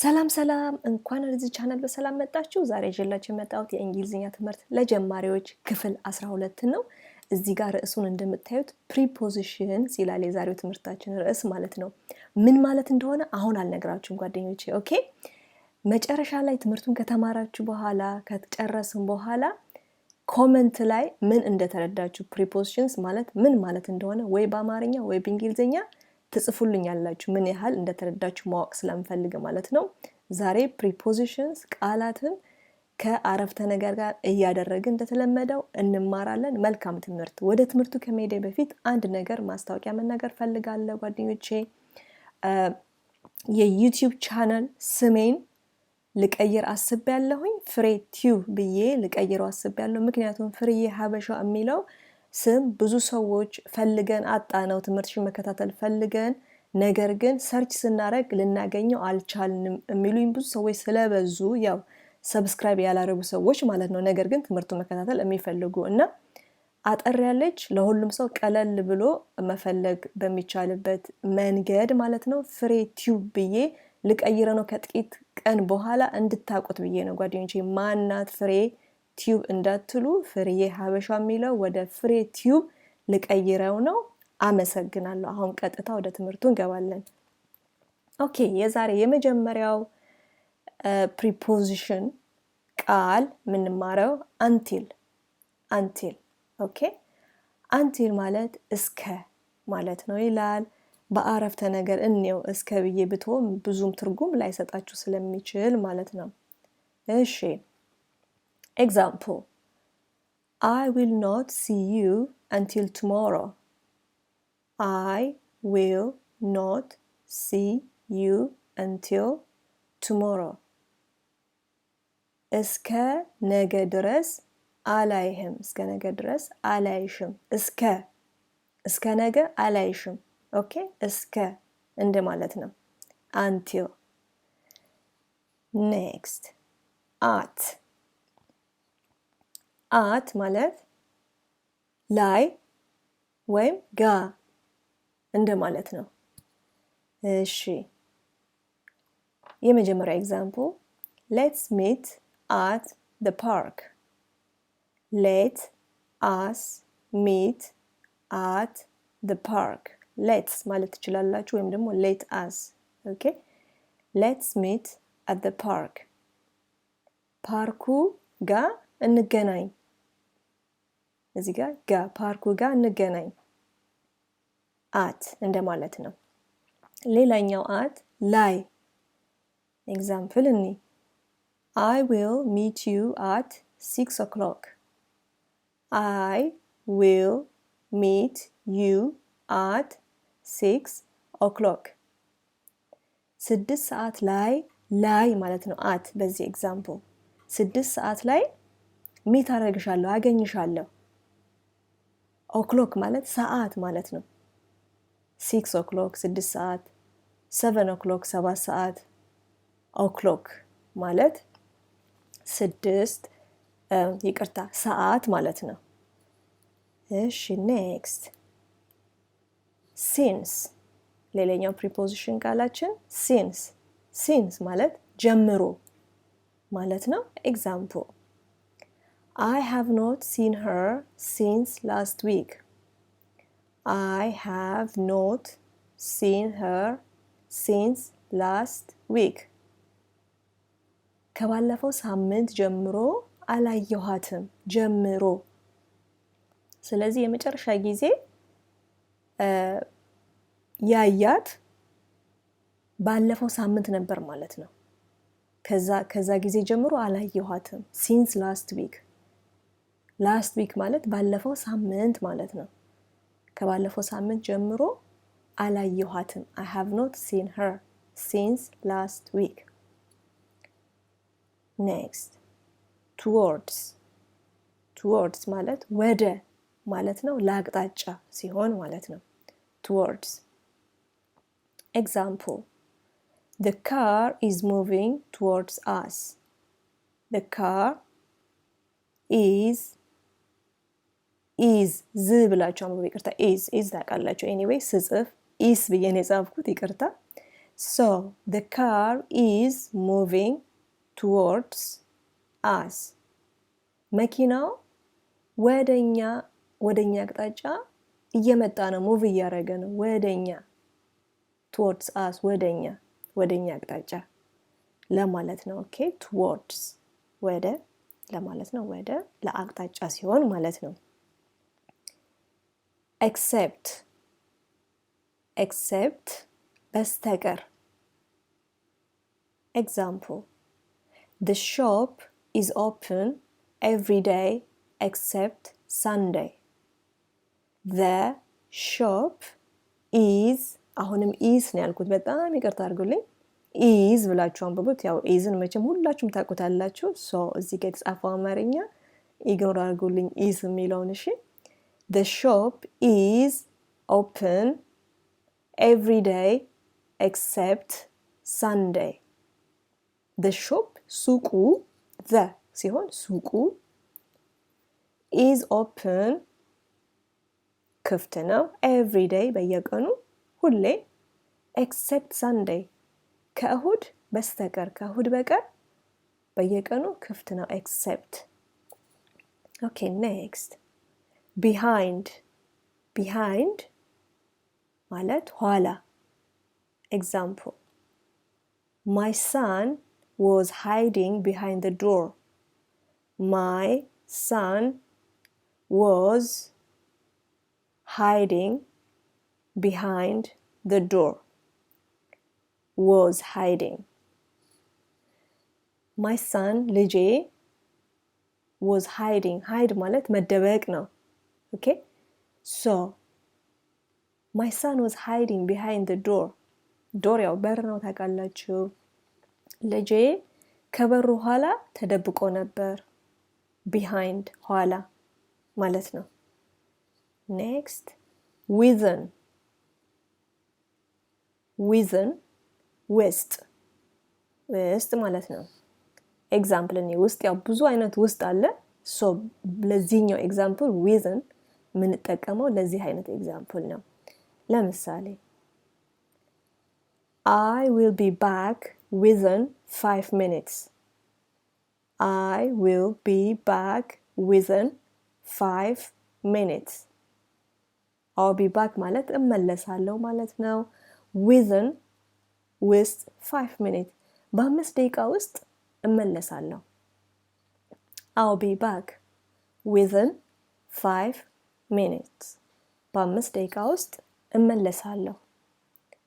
ሰላም ሰላም፣ እንኳን ወደዚህ ቻናል በሰላም መጣችሁ። ዛሬ ይዤላችሁ የመጣሁት የእንግሊዝኛ ትምህርት ለጀማሪዎች ክፍል 1ሁለት ነው። እዚህ ጋር ርዕሱን እንደምታዩት ፕሪፖዚሽን ይላል የዛሬው ትምህርታችን ርዕስ ማለት ነው። ምን ማለት እንደሆነ አሁን አልነግራችሁም ጓደኞቼ። ኦኬ፣ መጨረሻ ላይ ትምህርቱን ከተማራችሁ በኋላ ከጨረስን በኋላ ኮመንት ላይ ምን እንደተረዳችሁ ፕሪፖዚሽንስ ማለት ምን ማለት እንደሆነ ወይ በአማርኛ ወይ በእንግሊዝኛ ያላችሁ ምን ያህል እንደተረዳችሁ ማወቅ ስለምፈልግ ማለት ነው። ዛሬ ፕሪፖዚሽንስ ቃላትን ከአረፍተ ነገር ጋር እያደረግ እንደተለመደው እንማራለን። መልካም ትምህርት። ወደ ትምህርቱ ከመሄዴ በፊት አንድ ነገር ማስታወቂያ መናገር ፈልጋለሁ ጓደኞቼ። የዩቲዩብ ቻናል ስሜን ልቀይር አስቤያለሁኝ። ፍሬ ቲዩብ ብዬ ልቀይረው አስቤያለሁ። ምክንያቱም ፍሬዬ ሀበሻ የሚለው ስም ብዙ ሰዎች ፈልገን አጣ ነው። ትምህርትሽን መከታተል ፈልገን ነገር ግን ሰርች ስናደረግ ልናገኘው አልቻልንም የሚሉኝ ብዙ ሰዎች ስለበዙ ያው ሰብስክራይብ ያላረጉ ሰዎች ማለት ነው። ነገር ግን ትምህርቱን መከታተል የሚፈልጉ እና አጠር ያለች ለሁሉም ሰው ቀለል ብሎ መፈለግ በሚቻልበት መንገድ ማለት ነው ፍሬ ቲዩብ ብዬ ልቀይረ ነው ከጥቂት ቀን በኋላ እንድታቁት ብዬ ነው ጓደኞቼ። ማናት ፍሬ ቲዩብ እንዳትሉ ፍሬዬ ሀበሻ የሚለው ወደ ፍሬ ቲዩብ ልቀይረው ነው። አመሰግናለሁ። አሁን ቀጥታ ወደ ትምህርቱ እንገባለን። ኦኬ የዛሬ የመጀመሪያው ፕሪፖዚሽን ቃል የምንማረው አንቲል አንቲል። ኦኬ አንቲል ማለት እስከ ማለት ነው ይላል። በአረፍተ ነገር እኔው እስከ ብዬ ብትሆን ብዙም ትርጉም ላይሰጣችሁ ስለሚችል ማለት ነው። እሺ Example I will not see you until tomorrow. I will not see you until tomorrow. Iske negedres alayhim. Iske negedres alayhim. Iske. Iske nege alayhim. Okay? Iske. Inde maletna. Until. Next. At. አት ማለት ላይ ወይም ጋ እንደማለት ነው። እሺ የመጀመሪያ ኤግዛምፕል ሌትስ ሚት አት ደ ፓርክ። ሌት አስ ሚት አት ደ ፓርክ። ሌትስ ማለት ትችላላችሁ ወይም ደግሞ ሌት አስ። ኦኬ ሌትስ ሚት አት ደ ፓርክ። ፓርኩ ጋ እንገናኝ እዚህ ጋር ጋ ፓርኩ ጋር እንገናኝ አት እንደማለት ነው። ሌላኛው አት ላይ ኤግዛምፕል እኒ አይ ዊል ሚት ዩ አት ሲክስ ኦክሎክ አይ ዊል ሚት ዩ አት ሲክስ ኦክሎክ ስድስት ሰዓት ላይ ላይ ማለት ነው አት በዚህ ኤግዛምፕል ስድስት ሰዓት ላይ ሚት አደርግሻለሁ አገኝሻለሁ ኦክሎክ ማለት ሰዓት ማለት ነው። ሲክስ ኦክሎክ ስድስት ሰዓት፣ ሰቨን ኦክሎክ ሰባት ሰዓት። ኦክሎክ ማለት ስድስት ይቅርታ ሰዓት ማለት ነው። እሺ ኔክስት ሲንስ ሌላኛው ፕሪፖዚሽን ቃላችን ሲንስ ሲንስ ማለት ጀምሮ ማለት ነው። ኤግዛምፕል I have not seen her since last week. I have not seen her since last week. ከባለፈው ሳምንት ጀምሮ አላየኋትም። ጀምሮ ስለዚህ የመጨረሻ ጊዜ ያያት ባለፈው ሳምንት ነበር ማለት ነው። ከዛ ጊዜ ጀምሮ አላየኋትም። ሲንስ ላስት ዊክ ላስት ዊክ ማለት ባለፈው ሳምንት ማለት ነው። ከባለፈው ሳምንት ጀምሮ አላየኋትም። አይ ሃቭ ኖት ሲን ሄር ሲንስ ላስት ዊክ። ኔክስት ቱዎርድስ ቱዎርድስ ማለት ወደ ማለት ነው። ለአቅጣጫ ሲሆን ማለት ነው። ቱዎርድስ ኤግዛምፕል ዘ ካር ኢዝ ሙቪንግ ቱዎርድስ አስ ዘ ካር ኢዝ ኢዝ ዝ ብላችሁ አንብቡ። ይቅርታ ኢዝ ኢዝ ታውቃላችሁ። ኤኒዌይ ስጽፍ ኢስ ብዬ የጻፍኩት። ይቅርታ። ሶ ዘ ካር ኢዝ ሙቪንግ ቱዎርድስ አስ መኪናው ወደኛ ወደኛ አቅጣጫ እየመጣ ነው። ሙቭ እያደረገ ነው ወደኛ ቱዎርድስ አስ ወደኛ ወደኛ አቅጣጫ ለማለት ነው። ኦኬ ቱዎርድስ ወደ ለማለት ነው። ወደ ለአቅጣጫ ሲሆን ማለት ነው። accept ኤክሴፕት በስተቀር ኤግዛምፕል ዘ ሾፕ ኢዝ ኦፕን ኤቭሪ ዴይ ኤክሴፕት ሳንዴይ ዘ ሾፕ ኢዝ አሁንም ኢዝ ነው ያልኩት። በጣም ይቅርታ አድርጉልኝ። ኢዝ ብላችሁ አንብቡት። ያው ኢዝን መቼም ሁላችሁም ታውቁታላችሁ። ሶ እዚህ ጋ የተጻፈው አማርኛ ኢግኖር አድርጉልኝ ኢዝ የሚለውን እሺ The shop is open every day except Sunday. The shop suku, the sihon, suku, is open kuftena every day by yaganu, hule, except Sunday Kahud, በስተቀር kahud በቀር by yaganu, kuftena, except Okay, next. behind behind ማለት ኋላ example my son was hiding behind the door my son was hiding behind the door was hiding my son ልጄ was hiding hide ማለት መደበቅ ነው Okay? So, my son was hiding behind the door. ዶር ያው በር ነው ታውቃላችሁ። ልጄ ከበሩ ኋላ ተደብቆ ነበር። ቢሃይንድ ኋላ ማለት ነው። ኔክስት ዊዝን ዊዝን ውስጥ ውስጥ ማለት ነው። ኤግዛምፕል እኔ ውስጥ ያው ብዙ አይነት ውስጥ አለ። ሶ ለዚህኛው ኤግዛምፕል ዊዝን የምንጠቀመው ለዚህ አይነት ኤግዛምፕል ነው። ለምሳሌ አይ ዊል ቢ ባክ ዊዝን ፋይቭ ሚኒትስ አይ ዊል ቢ ባክ ዊዘን ፋይቭ ሚኒትስ አው ቢ ባክ ማለት እመለሳለሁ ማለት ነው። ዊዘን ውስጥ ፋይቭ ሚኒት በአምስት ደቂቃ ውስጥ እመለሳለሁ። አው ቢ ባክ ዊዘን ፋይቭ ሚኒትስ በአምስት ደቂቃ ውስጥ እመለሳለሁ።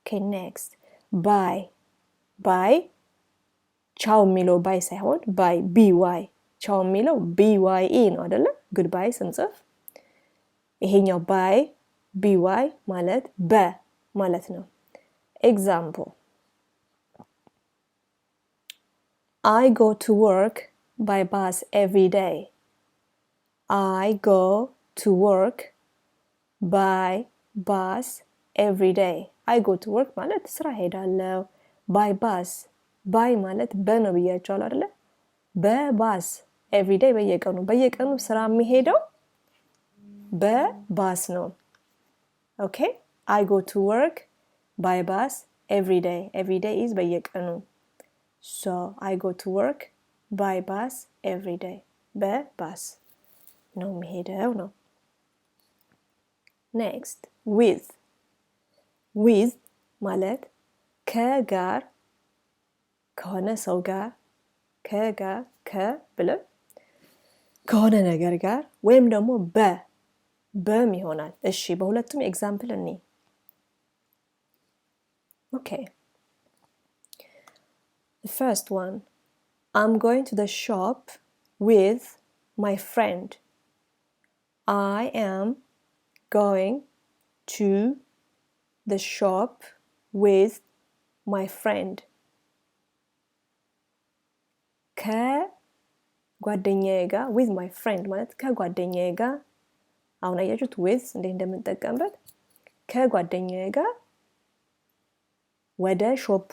ኦኬ ኔክስት ባይ ባይ ቻው የሚለው ባይ ሳይሆን ባይ ቢ ዋይ ቻው የሚለው ቢ ዋይ ኢ ነው አደለ? ጉድ ባይ ስንጽፍ ይሄኛው ባይ ቢ ዋይ ማለት በ ማለት ነው። ኤግዛምፕል አይ ጎ ቱ ወርክ ባይ ባስ ኤቭሪ ዴይ አይ ጎ to work by bus ኤቭሪ ዴይ። አይ ጎ ቱ ወርክ ማለት ስራ ሄዳለው። ባይ ባስ ባይ ማለት በነው ብያቸዋል አደለ? በባስ ኤቭሪ ዴይ በየቀኑ በየቀኑ ስራ የሚሄደው በባስ ነው። ኦኬ አይ ጎ ቱ ወርክ ባይ ባስ ኤቭሪ ዴይ። ኤቭሪ ዴይ ኢዝ በየቀኑ። ሶ አይ ጎ ቱ ወርክ ባይ ባስ ኤቭሪ ዴይ። በባስ ነው የሚሄደው ነው። ኔክስት ዊዝ ዊዝ ማለት ከጋር ከሆነ ሰው ጋር ከጋር ከ ብለን ከሆነ ነገር ጋር ወይም ደግሞ በ በም ይሆናል። እሺ በሁለቱም ኤግዛምፕል እኔ ኦኬ ፈርስት ዋን አም ጎይንግ ቱ ደ ሾፕ ዊዝ ማይ ፍሬንድ አይ አም going to the shop with my friend ከጓደኛዬ with my friend ማለት ከጓደኛዬ ጋር አሁን አያችሁት with እንዴት እንደምንጠቀምበት ከጓደኛዬ ጋር ወደ ሾፑ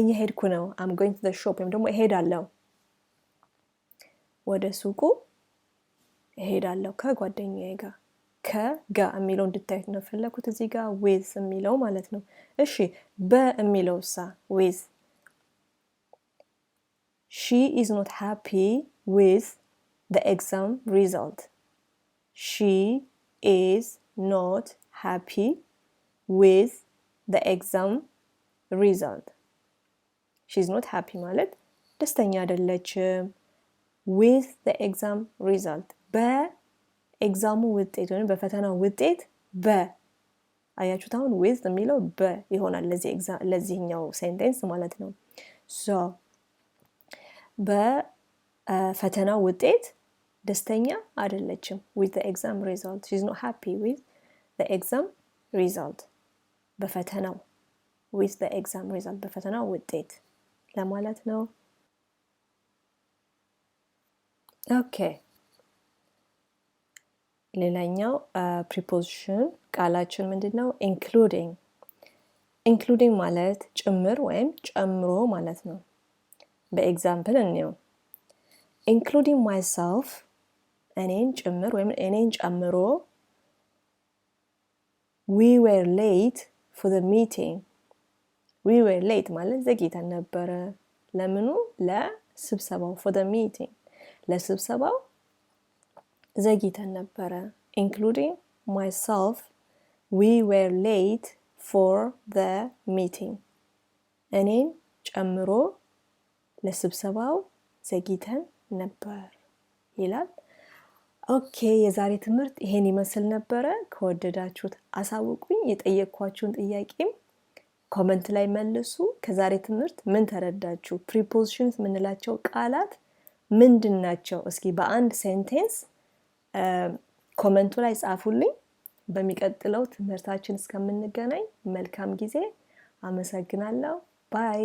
እየሄድኩ ነው። አም ጎይንግ ቱ ሾፕ ወይም ደግሞ እሄዳለሁ፣ ወደ ሱቁ እሄዳለሁ ከጓደኛዬ ጋር ከጋ የሚለው እንድታዩት ነው ፈለኩት እዚህ ጋ ዌዝ የሚለው ማለት ነው። እሺ በሚለው ሳ ዌዝ ሺ ኢዝ ኖት ሃፒ ዊዝ ኤግዛም ሪዛልት ሺ ኢዝ ኖት ሃፒ ዊዝ ኤግዛም ሪዛልት ሺ ኢዝ ኖት ሃፒ ማለት ደስተኛ አይደለችም ዊዝ ኤግዛም ሪዛልት ኤግዛሙ ውጤት ወይም በፈተና ውጤት በ አያችሁት። አሁን ዊዝ የሚለው በ ይሆናል ለዚህኛው ሴንቴንስ ማለት ነው። ሶ በፈተና ውጤት ደስተኛ አይደለችም። ዊዝ ኤግዛም ሪዛልት ሺዝ ኖት ሃፒ ዊዝ ኤግዛም ሪዛልት በፈተናው ዊዝ ኤግዛም ሪዛልት በፈተናው ውጤት ለማለት ነው። ኦኬ ሌላኛው ፕሪፖዚሽን uh, ቃላችን ምንድን ነው? ኢንክሉዲንግ ኢንክሉዲንግ ማለት ጭምር ወይም ጨምሮ ማለት ነው። በኤግዛምፕል እንየው። ኢንክሉዲንግ ማይሰልፍ እኔን ጭምር ወይም እኔን ጨምሮ። ዊ ዌር ሌት ፎ ዘ ሚቲንግ። ዊ ዌር ሌት ማለት ዘግይተን ነበረ። ለምኑ? ለስብሰባው። ፎ ዘ ሚቲንግ ለስብሰባው ዘግይተን ነበረ። ኢንክሉዲንግ ማይሰልፍ ዊ ዌር ሌት ፎር ዘ ሚቲንግ እኔን ጨምሮ ለስብሰባው ዘግይተን ነበር ይላል። ኦኬ የዛሬ ትምህርት ይሄን ይመስል ነበረ። ከወደዳችሁት አሳውቁኝ። የጠየኳችሁን ጥያቄም ኮመንት ላይ መልሱ። ከዛሬ ትምህርት ምን ተረዳችሁ? ፕሪፖዚሽንስ የምንላቸው ቃላት ምንድን ናቸው? እስኪ በአንድ ሴንቴንስ ኮመንቱ ላይ ጻፉልኝ። በሚቀጥለው ትምህርታችን እስከምንገናኝ መልካም ጊዜ። አመሰግናለሁ። ባይ